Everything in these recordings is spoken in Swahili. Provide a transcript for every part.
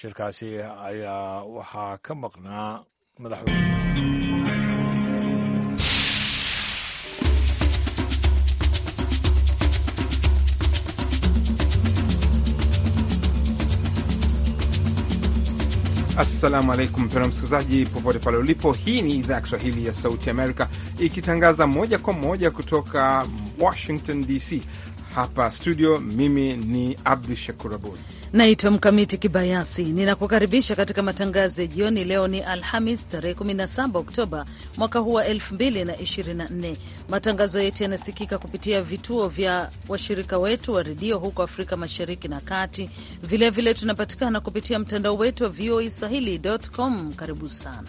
shirkaasi ayaa waxaa ka maqnaa madax Assalamu alaikum mpendwa msikilizaji, popote pale ulipo. Hii ni idhaa ya Kiswahili ya Sauti Amerika ikitangaza moja kwa moja kutoka Washington DC. Hapa studio mimi ni Abdu Shakur Abud, naitwa Mkamiti Kibayasi, ninakukaribisha katika matangazo ya jioni. Leo ni Alhamis tarehe 17 Oktoba mwaka huu wa 2024. Matangazo yetu yanasikika kupitia vituo vya washirika wetu wa redio huko Afrika Mashariki na Kati. Vilevile vile tunapatikana kupitia mtandao wetu wa VOA Swahili.com. Karibu sana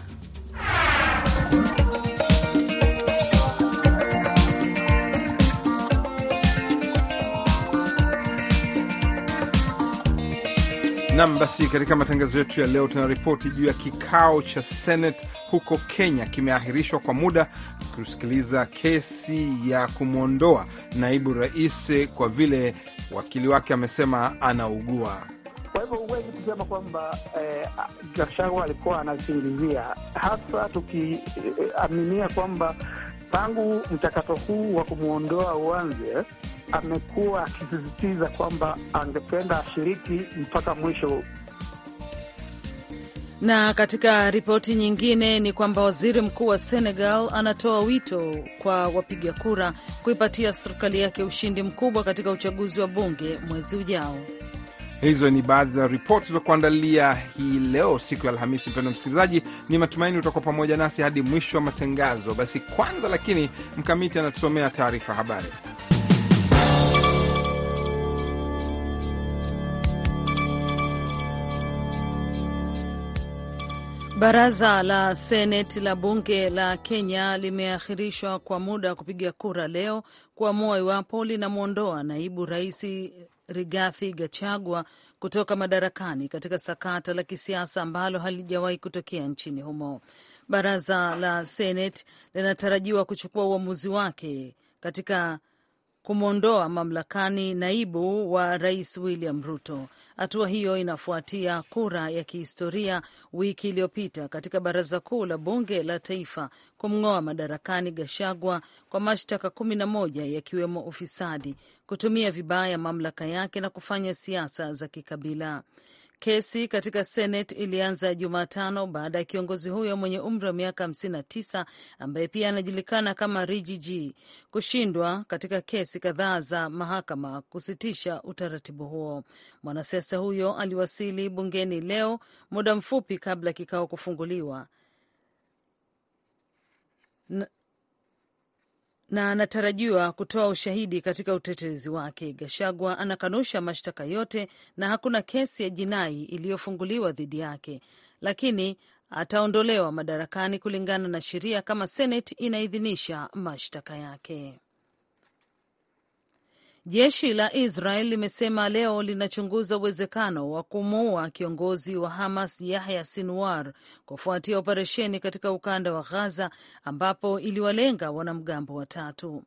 Nam, basi katika matangazo yetu ya leo tunaripoti juu ya kikao cha Senate huko Kenya kimeahirishwa kwa muda kusikiliza kesi ya kumwondoa naibu rais kwa vile wakili wake amesema anaugua. Kwa hivyo huwezi kusema kwamba Gachagua eh, alikuwa anasingizia hasa tukiaminia eh, eh kwamba Tangu mchakato huu wa kumwondoa uanze, amekuwa akisisitiza kwamba angependa ashiriki mpaka mwisho. Na katika ripoti nyingine ni kwamba waziri mkuu wa Senegal anatoa wito kwa wapiga kura kuipatia serikali yake ushindi mkubwa katika uchaguzi wa bunge mwezi ujao. Hizo ni baadhi ya ripoti za kuandalia hii leo, siku ya Alhamisi. Mpendwa msikilizaji, ni matumaini utakuwa pamoja nasi hadi mwisho wa matangazo. Basi kwanza, lakini Mkamiti anatusomea taarifa habari. Baraza la Seneti la bunge la Kenya limeahirishwa kwa muda wa kupiga kura leo kuamua iwapo linamwondoa naibu rais Rigathi Gachagua kutoka madarakani katika sakata la kisiasa ambalo halijawahi kutokea nchini humo. Baraza la senet linatarajiwa kuchukua uamuzi wake katika kumwondoa mamlakani naibu wa rais William Ruto. Hatua hiyo inafuatia kura ya kihistoria wiki iliyopita katika baraza kuu la bunge la taifa kumng'oa madarakani Gashagwa kwa mashtaka kumi na moja yakiwemo ufisadi, kutumia vibaya mamlaka yake na kufanya siasa za kikabila. Kesi katika Senate ilianza Jumatano baada ya kiongozi huyo mwenye umri wa miaka 59 ambaye pia anajulikana kama Rigi G kushindwa katika kesi kadhaa za mahakama kusitisha utaratibu huo. Mwanasiasa huyo aliwasili bungeni leo muda mfupi kabla kikao kufunguliwa na na anatarajiwa kutoa ushahidi katika utetezi wake. Gashagwa anakanusha mashtaka yote na hakuna kesi ya jinai iliyofunguliwa dhidi yake, lakini ataondolewa madarakani kulingana na sheria kama Seneti inaidhinisha mashtaka yake. Jeshi la Israel limesema leo linachunguza uwezekano wa kumuua kiongozi wa Hamas Yahya Sinwar kufuatia operesheni katika ukanda wa Ghaza ambapo iliwalenga wanamgambo watatu.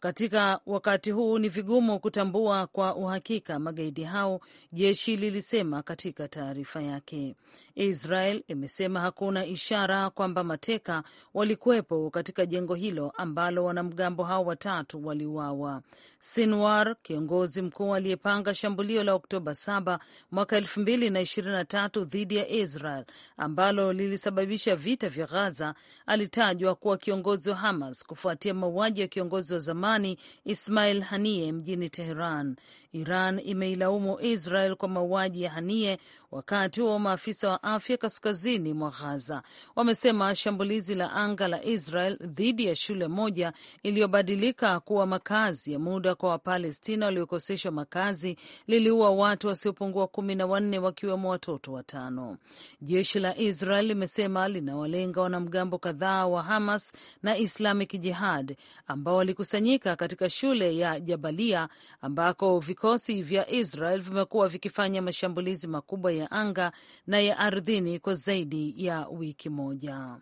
Katika wakati huu ni vigumu kutambua kwa uhakika magaidi hao, jeshi lilisema katika taarifa yake. Israel imesema hakuna ishara kwamba mateka walikuwepo katika jengo hilo ambalo wanamgambo hao watatu waliuawa. Sinwar, kiongozi mkuu aliyepanga shambulio la Oktoba 7 mwaka 2023 dhidi ya Israel ambalo lilisababisha vita vya Ghaza, alitajwa kuwa kiongozi wa Hamas kufuatia mauaji ya kiongozi wa zamani amani Ismail Haniye mjini Teheran. Iran imeilaumu Israel kwa mauaji ya hanie wakati huo maafisa wa afya kaskazini mwa Ghaza wamesema shambulizi la anga la Israel dhidi ya shule moja iliyobadilika kuwa makazi ya muda kwa Wapalestina waliokoseshwa makazi liliua watu wasiopungua kumi na wanne wakiwemo watoto watano. Jeshi la Israel limesema linawalenga wanamgambo kadhaa wa Hamas na Islamic Jihad ambao walikusanyika katika shule ya Jabalia ambako viko Vikosi vya Israel vimekuwa vikifanya mashambulizi makubwa ya anga na ya ardhini kwa zaidi ya wiki moja.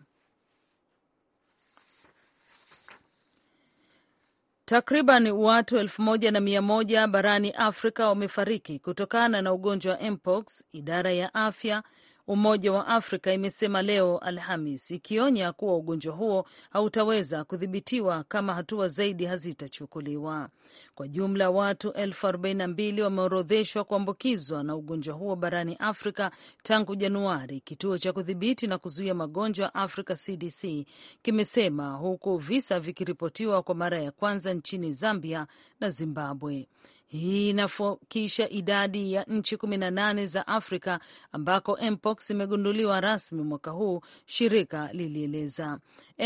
Takriban watu elfu moja na mia moja barani Afrika wamefariki kutokana na ugonjwa wa mpox, idara ya afya Umoja wa Afrika imesema leo Alhamis, ikionya kuwa ugonjwa huo hautaweza kudhibitiwa kama hatua zaidi hazitachukuliwa. Kwa jumla watu 42 wameorodheshwa kuambukizwa na ugonjwa huo barani Afrika tangu Januari, kituo cha kudhibiti na kuzuia magonjwa africa CDC kimesema, huku visa vikiripotiwa kwa mara ya kwanza nchini Zambia na Zimbabwe. Hii inafokisha idadi ya nchi nane za Afrika ambako mpox imegunduliwa rasmi mwaka huu, shirika lilieleza.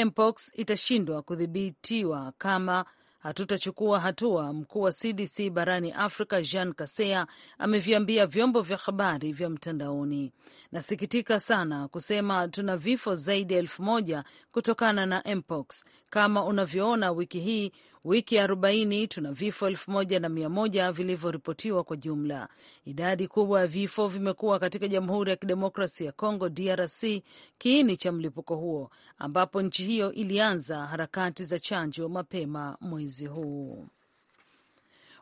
Mpox itashindwa kudhibitiwa kama hatutachukua hatua, mkuu wa CDC barani Afrika Jean Kaseya ameviambia vyombo vya habari vya mtandaoni. Nasikitika sana kusema tuna vifo zaidi ya elfu moja kutokana na mpox. Kama unavyoona, wiki hii Wiki 40 tuna vifo elfu moja na mia moja vilivyoripotiwa kwa jumla. Idadi kubwa ya vifo vimekuwa katika Jamhuri ya Kidemokrasi ya congo DRC, kiini cha mlipuko huo, ambapo nchi hiyo ilianza harakati za chanjo mapema mwezi huu.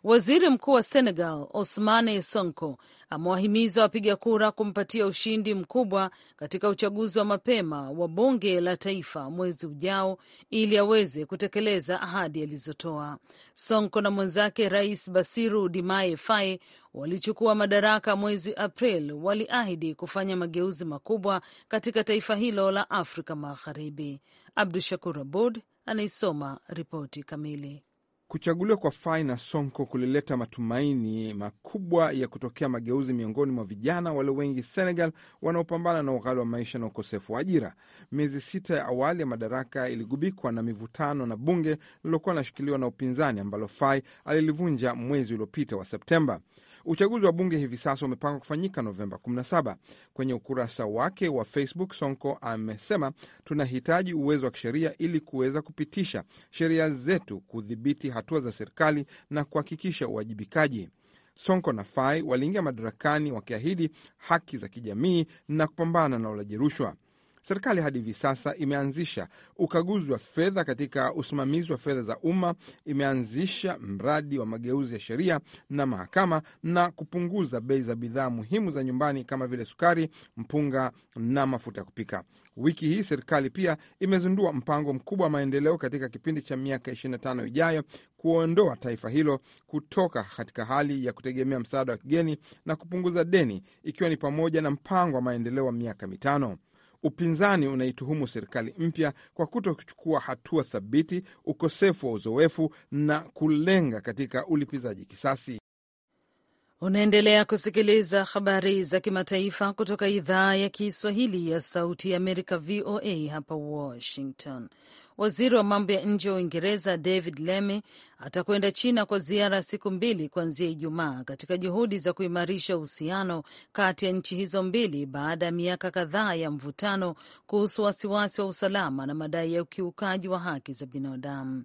Waziri Mkuu wa Senegal Ousmane Sonko amewahimiza wapiga kura kumpatia ushindi mkubwa katika uchaguzi wa mapema wa bunge la taifa mwezi ujao ili aweze kutekeleza ahadi alizotoa. Sonko na mwenzake Rais basiru dimae Faye walichukua madaraka mwezi April, waliahidi kufanya mageuzi makubwa katika taifa hilo la Afrika Magharibi. Abdu Shakur Abud anaisoma ripoti kamili. Kuchaguliwa kwa Fai na Sonko kulileta matumaini makubwa ya kutokea mageuzi miongoni mwa vijana walio wengi Senegal wanaopambana na ughali wa maisha na ukosefu wa ajira. Miezi sita ya awali ya madaraka iligubikwa na mivutano na bunge lililokuwa linashikiliwa na upinzani ambalo Fai alilivunja mwezi uliopita wa Septemba. Uchaguzi wa bunge hivi sasa umepangwa kufanyika Novemba 17. Kwenye ukurasa wake wa Facebook, Sonko amesema tunahitaji uwezo wa kisheria ili kuweza kupitisha sheria zetu, kudhibiti hatua za serikali na kuhakikisha uwajibikaji. Sonko na Fai waliingia madarakani wakiahidi haki za kijamii na kupambana na ulaji rushwa. Serikali hadi hivi sasa imeanzisha ukaguzi wa fedha katika usimamizi wa fedha za umma, imeanzisha mradi wa mageuzi ya sheria na mahakama na kupunguza bei za bidhaa muhimu za nyumbani kama vile sukari, mpunga na mafuta ya kupika. Wiki hii serikali pia imezindua mpango mkubwa wa maendeleo katika kipindi cha miaka 25 ijayo, kuondoa taifa hilo kutoka katika hali ya kutegemea msaada wa kigeni na kupunguza deni, ikiwa ni pamoja na mpango wa maendeleo wa miaka mitano. Upinzani unaituhumu serikali mpya kwa kuto kuchukua hatua thabiti, ukosefu wa uzoefu na kulenga katika ulipizaji kisasi. Unaendelea kusikiliza habari za kimataifa kutoka idhaa ya Kiswahili ya Sauti ya Amerika, VOA hapa Washington. Waziri wa mambo ya nje wa Uingereza David Lammy atakwenda China kwa ziara ya siku mbili kuanzia Ijumaa, katika juhudi za kuimarisha uhusiano kati ya nchi hizo mbili baada ya miaka kadhaa ya mvutano kuhusu wasiwasi wa usalama na madai ya ukiukaji wa haki za binadamu.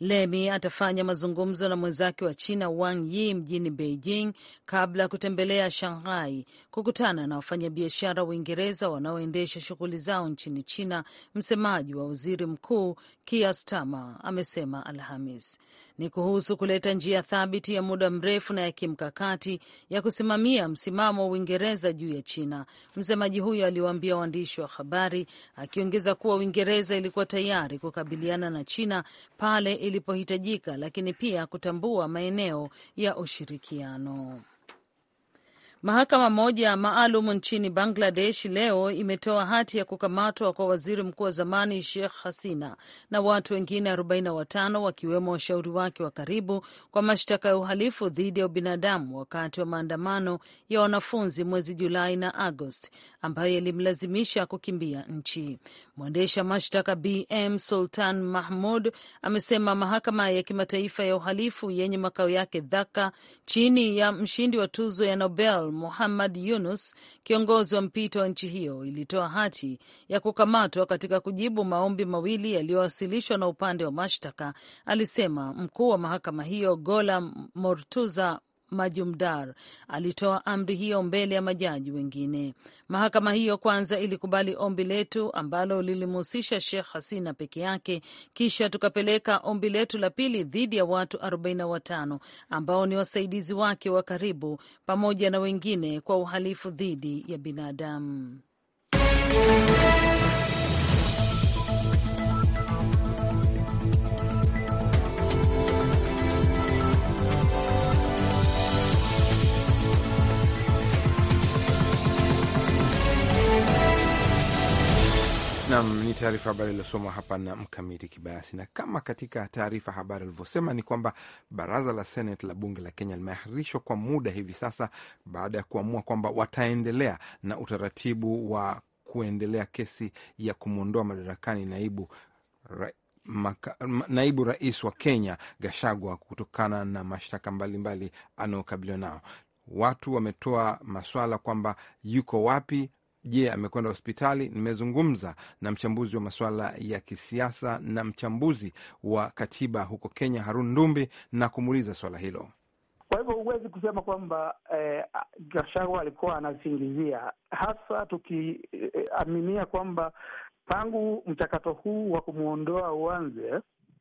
Lemi atafanya mazungumzo na mwenzake wa China Wang Yi mjini Beijing kabla ya kutembelea Shanghai kukutana na wafanyabiashara Uingereza wanaoendesha shughuli zao nchini China. Msemaji wa waziri mkuu Kiastama amesema Alhamis ni kuhusu kuleta njia thabiti ya muda mrefu na ya kimkakati ya kusimamia msimamo wa Uingereza juu ya China, msemaji huyo aliwaambia waandishi wa habari, akiongeza kuwa Uingereza ilikuwa tayari kukabiliana na China pale ilipohitajika, lakini pia kutambua maeneo ya ushirikiano. Mahakama moja maalum nchini Bangladesh leo imetoa hati ya kukamatwa kwa waziri mkuu wa zamani Sheikh Hasina na watu wengine 45 wakiwemo washauri wake wa karibu kwa mashtaka ya uhalifu dhidi ya ubinadamu wakati wa maandamano ya wanafunzi mwezi Julai na Agosti ambayo yalimlazimisha kukimbia nchi. Mwendesha mashtaka BM Sultan Mahmud amesema mahakama ya kimataifa ya uhalifu yenye makao yake Dhaka chini ya mshindi wa tuzo ya Nobel Muhammad Yunus, kiongozi wa mpito wa nchi hiyo, ilitoa hati ya kukamatwa katika kujibu maombi mawili yaliyowasilishwa na upande wa mashtaka, alisema mkuu wa mahakama hiyo Gola Mortuza Majumdar alitoa amri hiyo mbele ya majaji wengine. Mahakama hiyo kwanza ilikubali ombi letu ambalo lilimhusisha Sheikh Hasina peke yake, kisha tukapeleka ombi letu la pili dhidi ya watu 45 ambao ni wasaidizi wake wa karibu pamoja na wengine kwa uhalifu dhidi ya binadamu. Nam ni taarifa habari iliyosoma hapa na Mkamiti Kibayasi. Na kama katika taarifa habari alivyosema ni kwamba baraza la senat la bunge la Kenya limeahirishwa kwa muda hivi sasa baada ya kuamua kwamba wataendelea na utaratibu wa kuendelea kesi ya kumwondoa madarakani naibu ra Maka, naibu rais wa Kenya Gashagwa kutokana na mashtaka mbalimbali anayokabiliwa nao. Watu wametoa maswala kwamba yuko wapi Je, yeah, amekwenda hospitali? Nimezungumza na mchambuzi wa masuala ya kisiasa na mchambuzi wa katiba huko Kenya, Harun Ndumbi, na kumuuliza swala hilo. Kwa hivyo huwezi kusema kwamba eh, Gashagwa alikuwa anasingizia hasa, tukiaminia eh, eh kwamba tangu mchakato huu wa kumwondoa uanze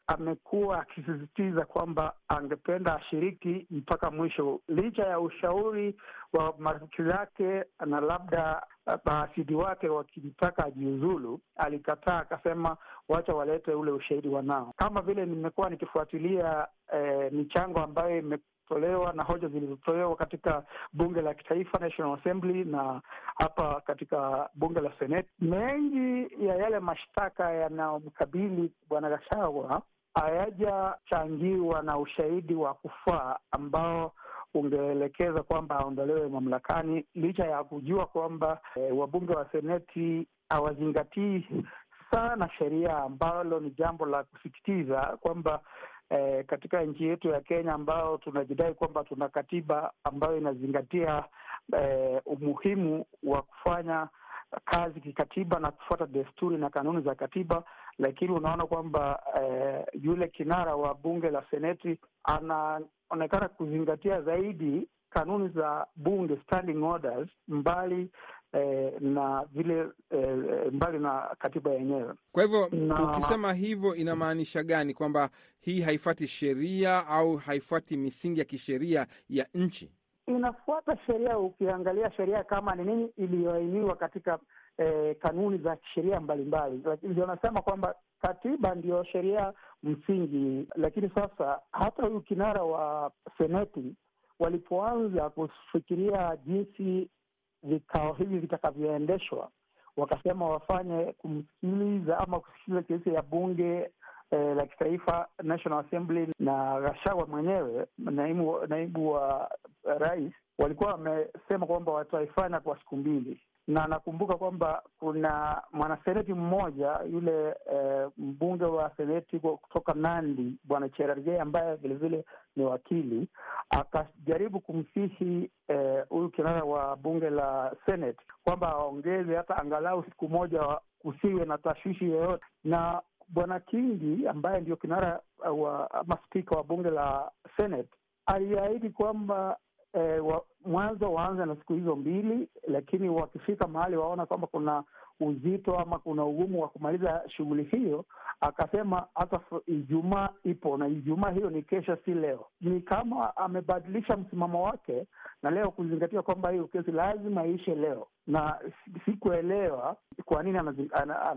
amekuwa akisisitiza kwamba angependa ashiriki mpaka mwisho, licha ya ushauri wa marafiki zake na labda uh, maasidi wake wakimtaka ajiuzulu. Alikataa, akasema wacha walete ule ushahidi wanao. Kama vile nimekuwa nikifuatilia eh, michango ambayo imetolewa na hoja zilizotolewa katika bunge la kitaifa National Assembly na hapa katika bunge la Seneti, mengi ya yale mashtaka yanayomkabili bwana Gachagua hayajachangiwa na ushahidi wa kufaa ambao ungeelekeza kwamba aondolewe mamlakani, licha ya kujua kwamba e, wabunge wa seneti hawazingatii sana sheria, ambalo ni jambo la kusikitiza kwamba e, katika nchi yetu ya Kenya ambao tunajidai kwamba tuna katiba ambayo inazingatia e, umuhimu wa kufanya kazi kikatiba na kufuata desturi na kanuni za katiba, lakini unaona kwamba eh, yule kinara wa bunge la seneti anaonekana kuzingatia zaidi kanuni za bunge standing orders, mbali eh, na vile eh, mbali na katiba yenyewe. Kwa hivyo na... ukisema hivyo inamaanisha gani? Kwamba hii haifuati sheria au haifuati misingi ya kisheria ya nchi? Inafuata sheria, ukiangalia sheria kama ni nini iliyoainiwa katika eh, kanuni za kisheria mbalimbali, lakini ndio kwamba katiba ndiyo sheria msingi. Lakini sasa hata huyu kinara wa seneti walipoanza kufikiria jinsi vikao hivi vitakavyoendeshwa, wakasema wafanye kumsikiliza ama kusikiliza kesi ya bunge eh, la kitaifa National Assembly na Gachagua mwenyewe naibu, naibu wa rais walikuwa wamesema kwamba wataifanya kwa siku mbili na nakumbuka kwamba kuna mwanaseneti mmoja yule eh, mbunge wa seneti kutoka Nandi bwana Cherargei ambaye vilevile ni wakili akajaribu kumsihi eh, huyu eh, kinara wa bunge la seneti kwamba aongeze hata angalau siku moja kusiwe na tashwishi yoyote na bwana Kingi ambaye ndio kinara wa ama spika wa bunge la seneti aliahidi kwamba e, wa, mwanzo waanze na siku hizo mbili, lakini wakifika mahali waona kwamba kuna uzito ama kuna ugumu wa kumaliza shughuli hiyo, akasema hata Ijumaa ipo na Ijumaa hiyo ni kesho, si leo. Ni kama amebadilisha msimamo wake na leo kuzingatia kwamba hiyo kesi lazima iishe leo, na sikuelewa kwa nini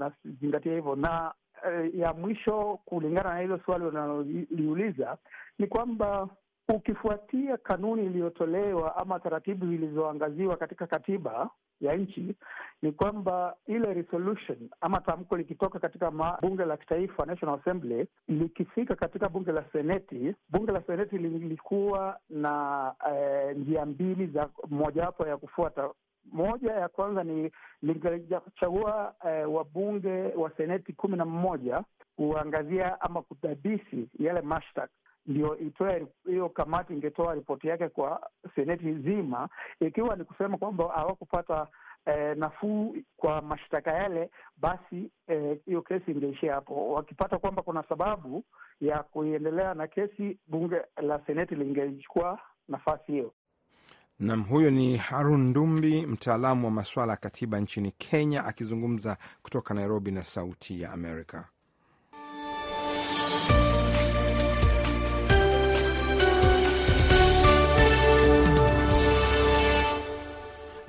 anazingatia hivyo. Na eh, ya mwisho kulingana na hilo swali unaloliuliza ni kwamba ukifuatia kanuni iliyotolewa ama taratibu zilizoangaziwa katika katiba ya nchi ni kwamba ile resolution ama tamko likitoka katika bunge la kitaifa National Assembly, likifika katika bunge la seneti, bunge la seneti lilikuwa na eh, njia mbili za mojawapo ya kufuata. Moja ya kwanza ni lingechagua eh, wabunge wa seneti kumi na mmoja kuangazia ama kudadisi yale mashtaka ndio itoe hiyo kamati, ingetoa ripoti yake kwa seneti nzima, ikiwa ni kusema kwamba hawakupata eh, nafuu kwa mashtaka yale, basi eh, hiyo eh, kesi ingeishia hapo. Wakipata kwamba kuna sababu ya kuiendelea na kesi, bunge la seneti lingechukua nafasi hiyo. Nam, huyo ni Harun Ndumbi, mtaalamu wa maswala ya katiba nchini Kenya, akizungumza kutoka Nairobi na Sauti ya Amerika.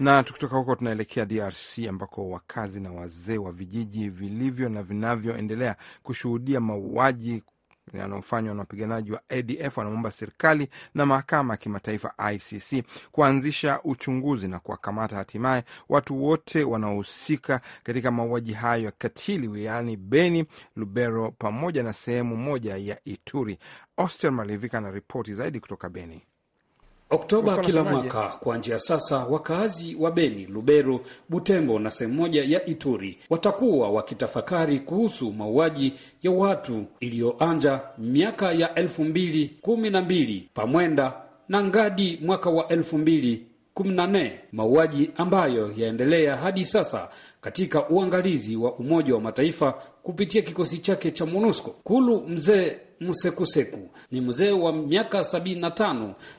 Na tukitoka huko tunaelekea DRC ambako wakazi na wazee wa vijiji vilivyo na vinavyoendelea kushuhudia mauaji yanayofanywa na wapiganaji wa ADF wanamomba serikali na mahakama ya kimataifa ICC kuanzisha uchunguzi na kuwakamata hatimaye watu wote wanaohusika katika mauaji hayo ya katili wilayani Beni, Lubero pamoja na sehemu moja ya Ituri. Oster Malivika ana ripoti zaidi kutoka Beni. Oktoba kila mwaka kuanzia sasa, wakaazi wa Beni, Lubero, Butembo na sehemu moja ya Ituri watakuwa wakitafakari kuhusu mauaji ya watu iliyoanja miaka ya elfu mbili kumi na mbili Pamwenda na Ngadi mwaka wa elfu mbili kumi na nne, mauaji ambayo yaendelea hadi sasa katika uangalizi wa Umoja wa Mataifa kupitia kikosi chake cha MONUSCO. Kulu mzee Msekuseku ni mzee wa miaka sabini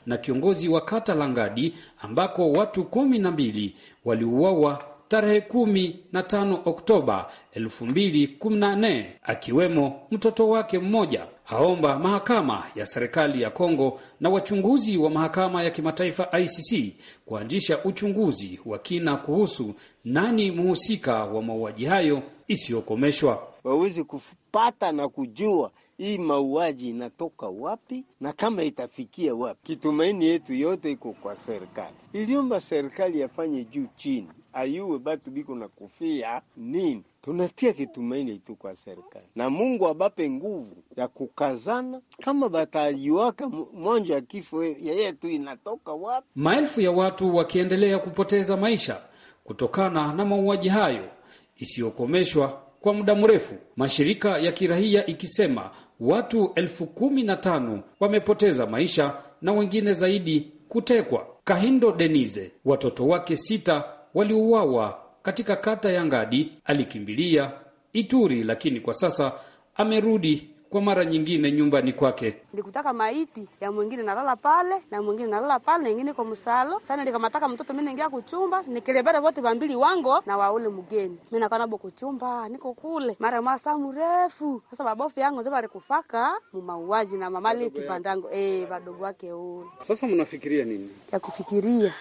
na kiongozi wa kata Langadi ambako watu kumi na mbili waliuawa tarehe kumi na tano Oktoba elfu mbili kumi na nne akiwemo mtoto wake mmoja. Haomba mahakama ya serikali ya Kongo na wachunguzi wa mahakama ya kimataifa ICC kuanzisha uchunguzi wa kina kuhusu nani mhusika wa mauaji hayo isiyokomeshwa. Wawezi kupata na kujua hii mauaji inatoka wapi na kama itafikia wapi? Kitumaini yetu yote iko kwa serikali. Iliomba serikali yafanye juu chini, ayue batu biko na kufia nini. Tunatia kitumaini tu kwa serikali na Mungu abape nguvu ya kukazana, kama batajuaka mwanja ya kifo yetu inatoka wapi. Maelfu ya watu wakiendelea kupoteza maisha kutokana na mauaji hayo isiyokomeshwa kwa muda mrefu, mashirika ya kirahia ikisema watu elfu kumi na tano wamepoteza maisha na wengine zaidi kutekwa. Kahindo Denize, watoto wake sita waliuawa katika kata ya Ngadi. Alikimbilia Ituri, lakini kwa sasa amerudi kwa mara nyingine nyumbani kwake. Ndikutaka maiti ya mwingine nalala pale na mwingine nalala pale na ingine kwa msalo sana, nikamataka mtoto mi naingia kuchumba nikilebera vote vambili wango na waule mgeni mi nakanabo kuchumba niko kule mara masaa mrefu sasa, babofu yangu ndio bali kufaka mu na mamali kipandango, eh, badogo wake huyo. Sasa mnafikiria nini ya kufikiria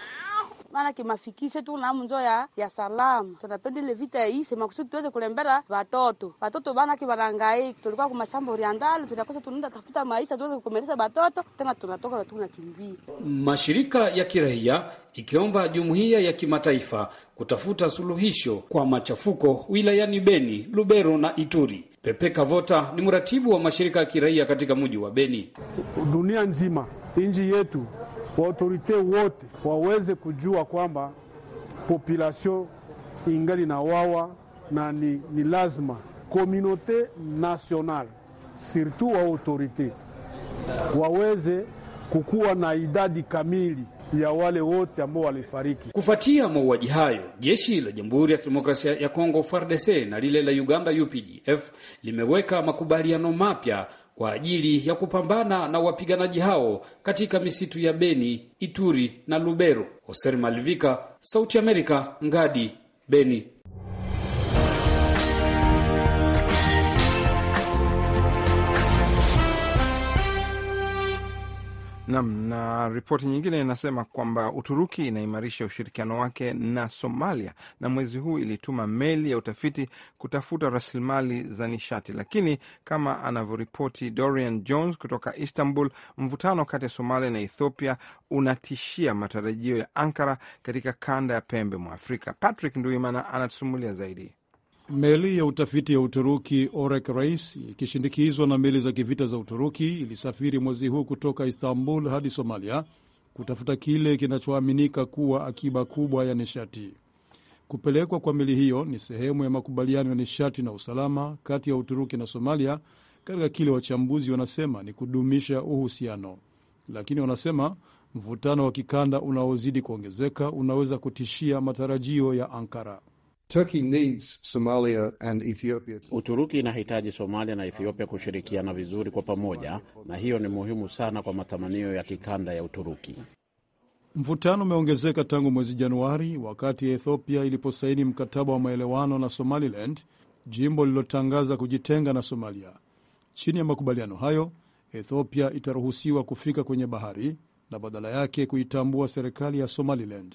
maanake mafikishe tu na munjo ya, ya salama. Tunapenda ile vita ya iishe makusudi tuweze kulembera watoto watoto, maanake wanangaika. Tulikuwa kumashamba oriandali, tunakosa tunaenda tafuta maisha tuweze kukomeleza watoto tena, tunatoka na tunakimbia. Mashirika ya kiraia ikiomba jumuiya ya kimataifa kutafuta suluhisho kwa machafuko wilayani Beni, Lubero na Ituri. Pepe Kavota ni mratibu wa mashirika ya kiraia katika mji wa Beni. Dunia nzima, nchi yetu autorite wote waweze kujua kwamba population ingali na wawa na ni, ni lazima komunote national surtout autorite waweze kukuwa na idadi kamili ya wale wote ambao walifariki kufuatia mauaji hayo. Jeshi la Jamhuri ya Kidemokrasia ya Kongo FARDC na lile la Uganda UPDF limeweka makubaliano mapya kwa ajili ya kupambana na wapiganaji hao katika misitu ya Beni, Ituri na Lubero. Hoser Malivika, Sauti Amerika, Ngadi, Beni. Nam na ripoti nyingine inasema kwamba Uturuki inaimarisha ushirikiano wake na Somalia na mwezi huu ilituma meli ya utafiti kutafuta rasilimali za nishati, lakini kama anavyoripoti Dorian Jones kutoka Istanbul, mvutano kati ya Somalia na Ethiopia unatishia matarajio ya Ankara katika kanda ya pembe mwa Afrika. Patrick Nduimana anatusimulia zaidi. Meli ya utafiti ya Uturuki Orek Reis ikishindikizwa na meli za kivita za Uturuki ilisafiri mwezi huu kutoka Istanbul hadi Somalia kutafuta kile kinachoaminika kuwa akiba kubwa ya nishati. Kupelekwa kwa meli hiyo ni sehemu ya makubaliano ya nishati na usalama kati ya Uturuki na Somalia katika kile wachambuzi wanasema ni kudumisha uhusiano, lakini wanasema mvutano wa kikanda unaozidi kuongezeka unaweza kutishia matarajio ya Ankara. Turkey needs Somalia and Ethiopia. Uturuki inahitaji Somalia na Ethiopia kushirikiana vizuri kwa pamoja, na hiyo ni muhimu sana kwa matamanio ya kikanda ya Uturuki. Mvutano umeongezeka tangu mwezi Januari wakati Ethiopia iliposaini mkataba wa maelewano na Somaliland, jimbo lililotangaza kujitenga na Somalia. Chini ya makubaliano hayo, Ethiopia itaruhusiwa kufika kwenye bahari na badala yake kuitambua serikali ya Somaliland.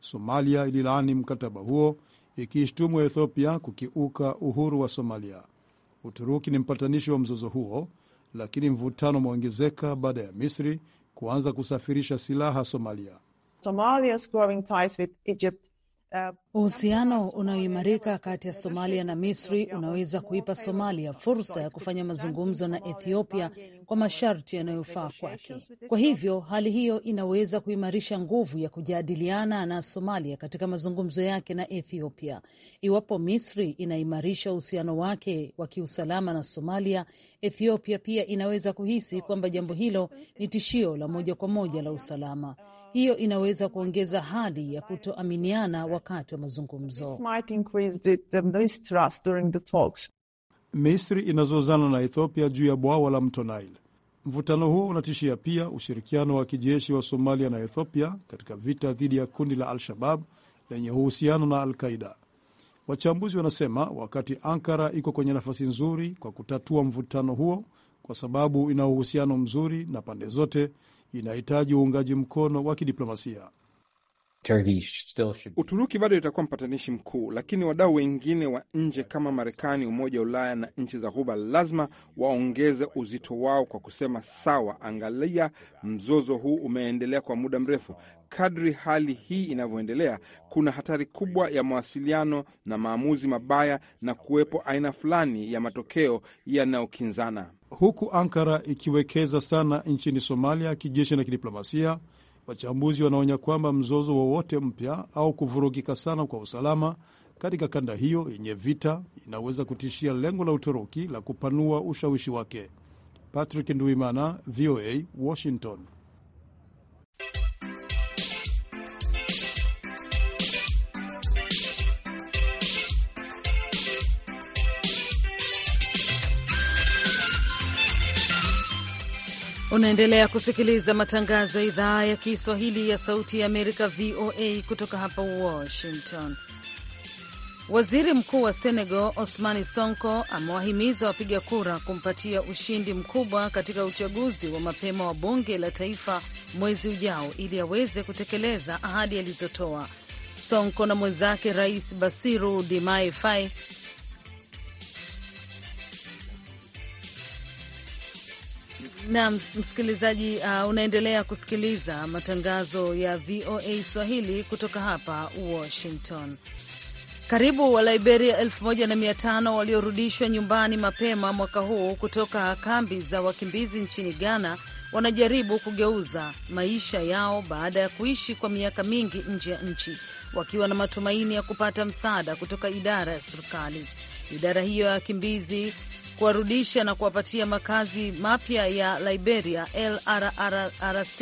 Somalia ililaani mkataba huo ikiishtumu Ethiopia kukiuka uhuru wa Somalia. Uturuki ni mpatanishi wa mzozo huo, lakini mvutano umeongezeka baada ya Misri kuanza kusafirisha silaha Somalia. Somalia's growing ties with Egypt Uhusiano unaoimarika kati ya Somalia na Misri unaweza kuipa Somalia fursa ya kufanya mazungumzo na Ethiopia kwa masharti yanayofaa kwake. Kwa hivyo, hali hiyo inaweza kuimarisha nguvu ya kujadiliana na Somalia katika mazungumzo yake na Ethiopia. Iwapo Misri inaimarisha uhusiano wake wa kiusalama na Somalia, Ethiopia pia inaweza kuhisi kwamba jambo hilo ni tishio la moja kwa moja la usalama. Hiyo inaweza kuongeza hali ya kutoaminiana wakati wa mazungumzo. Misri inazozana na Ethiopia juu ya bwawa la mto Nile. Mvutano huo unatishia pia ushirikiano wa kijeshi wa Somalia na Ethiopia katika vita dhidi ya kundi la Al-Shabab lenye uhusiano na Al-Qaida. Wachambuzi wanasema wakati Ankara iko kwenye nafasi nzuri kwa kutatua mvutano huo, kwa sababu ina uhusiano mzuri na pande zote, inahitaji uungaji mkono wa kidiplomasia. Uturuki bado itakuwa mpatanishi mkuu, lakini wadau wengine wa nje kama Marekani, Umoja wa Ulaya na nchi za Ghuba lazima waongeze uzito wao kwa kusema sawa, angalia, mzozo huu umeendelea kwa muda mrefu, kadri hali hii inavyoendelea, kuna hatari kubwa ya mawasiliano na maamuzi mabaya na kuwepo aina fulani ya matokeo yanayokinzana. Huku Ankara ikiwekeza sana nchini Somalia kijeshi na kidiplomasia, wachambuzi wanaonya kwamba mzozo wowote mpya au kuvurugika sana kwa usalama katika kanda hiyo yenye vita inaweza kutishia lengo la Uturuki la kupanua ushawishi wake. Patrick Nduimana, VOA, Washington. Unaendelea kusikiliza matangazo ya idhaa ya Kiswahili ya Sauti ya Amerika, VOA, kutoka hapa Washington. Waziri Mkuu wa Senegal Osmani Sonko amewahimiza wapiga kura kumpatia ushindi mkubwa katika uchaguzi wa mapema wa bunge la taifa mwezi ujao ili aweze kutekeleza ahadi alizotoa. Sonko na mwenzake Rais Basiru Diomaye Faye Na msikilizaji, uh, unaendelea kusikiliza matangazo ya VOA Swahili kutoka hapa Washington. Karibu wa Liberia 1500 waliorudishwa nyumbani mapema mwaka huu kutoka kambi za wakimbizi nchini Ghana wanajaribu kugeuza maisha yao baada ya kuishi kwa miaka mingi nje ya nchi wakiwa na matumaini ya kupata msaada kutoka idara ya serikali. Idara hiyo ya wakimbizi kuwarudisha na kuwapatia makazi mapya ya Liberia, LRRC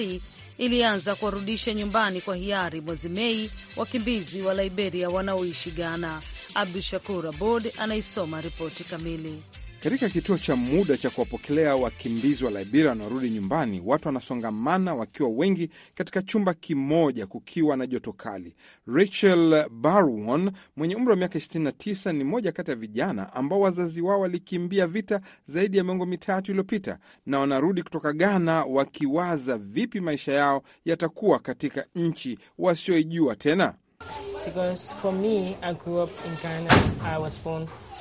ilianza kuwarudisha nyumbani kwa hiari mwezi Mei wakimbizi wa Liberia wanaoishi Ghana. Abdu Shakur Abod anaisoma ripoti kamili. Katika kituo cha muda cha kuwapokelea wakimbizi wa Liberia wanaorudi nyumbani, watu wanasongamana wakiwa wengi katika chumba kimoja kukiwa na joto kali. Rachel Barwon mwenye umri wa miaka 29 ni mmoja kati ya vijana ambao wazazi wao walikimbia vita zaidi ya miongo mitatu iliyopita na wanarudi kutoka Ghana wakiwaza vipi maisha yao yatakuwa katika nchi wasioijua tena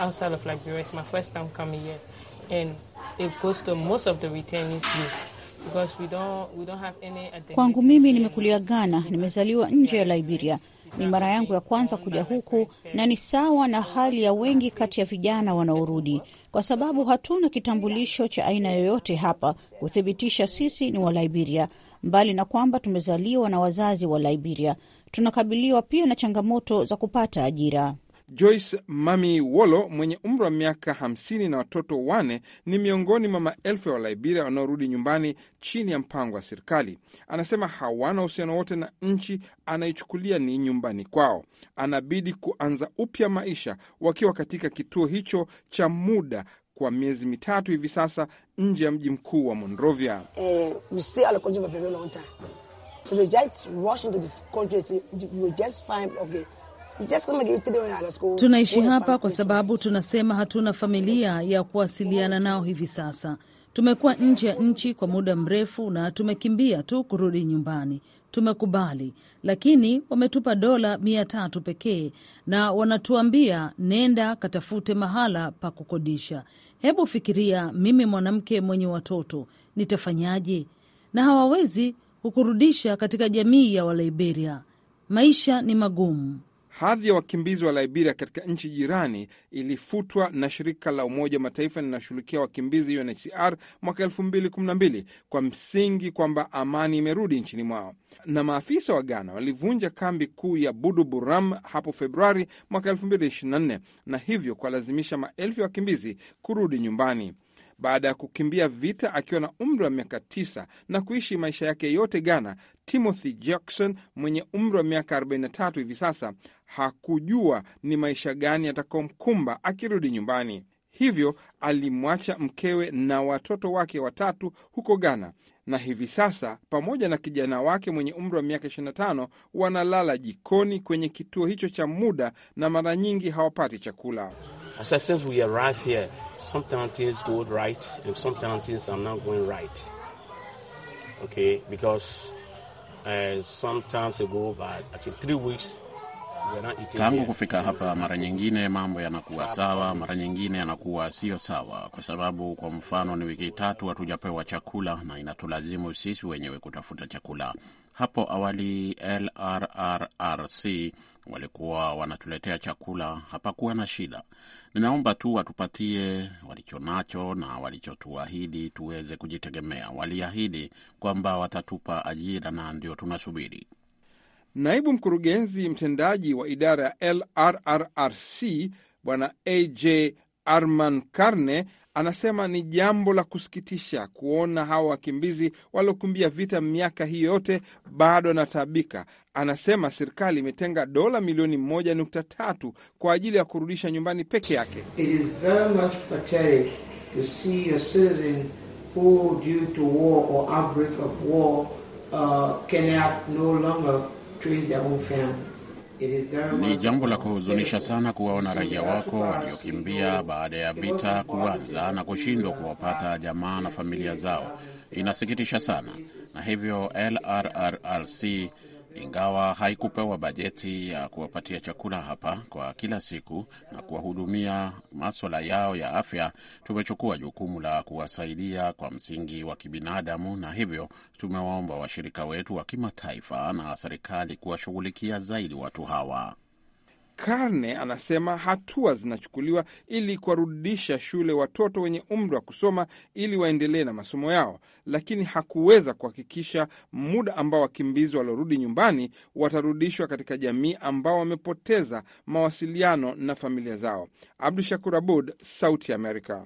outside of Liberia. It's my first time coming here, and it goes to most of the returnees youth. Because we don't, we don't have any kwangu mimi nimekulia Ghana, nimezaliwa nje ya Liberia. Ni mara yangu ya kwanza kuja huku na ni sawa na hali ya wengi kati ya vijana wanaorudi, kwa sababu hatuna kitambulisho cha aina yoyote hapa kuthibitisha sisi ni wa Liberia. Mbali na kwamba tumezaliwa na wazazi wa Liberia, tunakabiliwa pia na changamoto za kupata ajira. Joyce Mami Wolo mwenye umri wa miaka hamsini na watoto wane ni miongoni mwa maelfu ya Waliberia wanaorudi nyumbani chini ya mpango wa serikali. Anasema hawana uhusiano wote na nchi anaichukulia ni nyumbani kwao. Anabidi kuanza upya maisha wakiwa katika kituo hicho cha muda kwa miezi mitatu hivi sasa nje ya mji mkuu wa Monrovia. Eh, Tunaishi hapa kwa sababu tunasema hatuna familia ya kuwasiliana nao hivi sasa. Tumekuwa nje ya nchi kwa muda mrefu na tumekimbia tu kurudi nyumbani. Tumekubali, lakini wametupa dola mia tatu pekee na wanatuambia nenda katafute mahala pa kukodisha. Hebu fikiria, mimi mwanamke mwenye watoto nitafanyaje? Na hawawezi kukurudisha katika jamii ya Waliberia. Maisha ni magumu. Hadhi ya wakimbizi wa Liberia katika nchi jirani ilifutwa na shirika la Umoja wa Mataifa linashughulikia wakimbizi UNHCR mwaka 2012 kwa msingi kwamba amani imerudi nchini mwao. Na maafisa wa Ghana walivunja kambi kuu ya Buduburam hapo Februari mwaka 2024 na hivyo kuwalazimisha maelfu ya wakimbizi kurudi nyumbani baada ya kukimbia vita akiwa na umri wa miaka tisa na kuishi maisha yake yote Ghana. Timothy Jackson mwenye umri wa miaka 43 hivi sasa hakujua ni maisha gani yatakaomkumba akirudi nyumbani, hivyo alimwacha mkewe na watoto wake watatu huko Ghana, na hivi sasa pamoja na kijana wake mwenye umri wa miaka 25 wanalala jikoni kwenye kituo hicho cha muda, na mara nyingi hawapati chakula. As sometimes things go right and sometimes things are not going right. Okay, because uh, sometimes ago, but I think three weeks tangu kufika hapa, mara nyingine mambo yanakuwa sawa, mara nyingine yanakuwa sio sawa, kwa sababu kwa mfano ni wiki tatu hatujapewa chakula na inatulazimu sisi wenyewe kutafuta chakula. Hapo awali LRRRC walikuwa wanatuletea chakula, hapakuwa na shida. Ninaomba tu watupatie walichonacho na walichotuahidi tuweze kujitegemea. Waliahidi kwamba watatupa ajira na ndio tunasubiri. Naibu mkurugenzi mtendaji wa idara ya LRRRC Bwana AJ Arman Karne Anasema ni jambo la kusikitisha kuona hawa wakimbizi waliokimbia vita miaka hii yote bado anataabika Anasema serikali imetenga dola milioni moja nukta tatu kwa ajili ya kurudisha nyumbani peke yake. Ni jambo la kuhuzunisha sana kuwaona raia wako waliokimbia baada ya vita kuanza na kushindwa kuwapata jamaa na familia zao. Inasikitisha sana, na hivyo LRRRC ingawa haikupewa bajeti ya kuwapatia chakula hapa kwa kila siku na kuwahudumia maswala yao ya afya, tumechukua jukumu la kuwasaidia kwa msingi wa kibinadamu, na hivyo tumewaomba washirika wetu wa kimataifa na serikali kuwashughulikia zaidi watu hawa. Karne anasema hatua zinachukuliwa ili kuwarudisha shule watoto wenye umri wa kusoma ili waendelee na masomo yao, lakini hakuweza kuhakikisha muda ambao wakimbizi waliorudi nyumbani watarudishwa katika jamii ambao wamepoteza mawasiliano na familia zao. Abdu Shakur Abud, Sauti america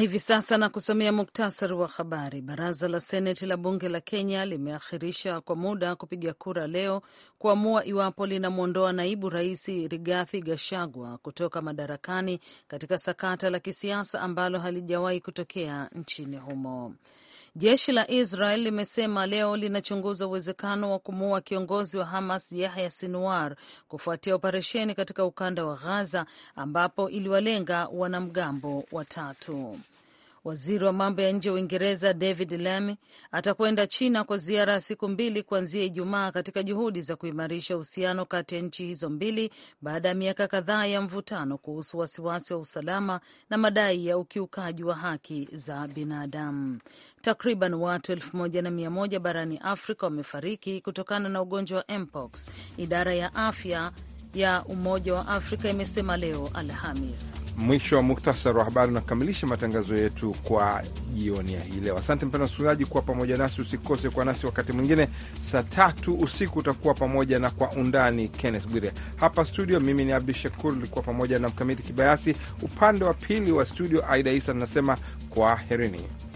hivi sasa na kusomea muktasari wa habari. Baraza la Seneti la bunge la Kenya limeakhirisha kwa muda kupiga kura leo kuamua iwapo linamwondoa naibu rais Rigathi gashagwa kutoka madarakani katika sakata la kisiasa ambalo halijawahi kutokea nchini humo. Jeshi la Israel limesema leo linachunguza uwezekano wa kumuua kiongozi wa Hamas Yahya Sinwar kufuatia operesheni katika ukanda wa Gaza ambapo iliwalenga wanamgambo watatu. Waziri wa mambo ya nje wa Uingereza David Lammy atakwenda China kwa ziara ya siku mbili kuanzia Ijumaa katika juhudi za kuimarisha uhusiano kati ya nchi hizo mbili baada ya miaka kadhaa ya mvutano kuhusu wasiwasi wa usalama na madai ya ukiukaji wa haki za binadamu. Takriban watu elfu moja na mia moja barani Afrika wamefariki kutokana na ugonjwa wa mpox, idara ya afya ya Umoja wa Afrika imesema leo Alhamis. Mwisho wa muktasari wa habari unakamilisha matangazo yetu kwa jioni ya hii leo. Asante mpena msikilizaji kuwa pamoja nasi, usikose kwa nasi wakati mwingine saa tatu usiku utakuwa pamoja na kwa undani. Kenneth Bwire hapa studio, mimi ni Abdu Shakur, likuwa pamoja na Mkamiti Kibayasi upande wa pili wa studio, Aida Isa, nasema kwaherini.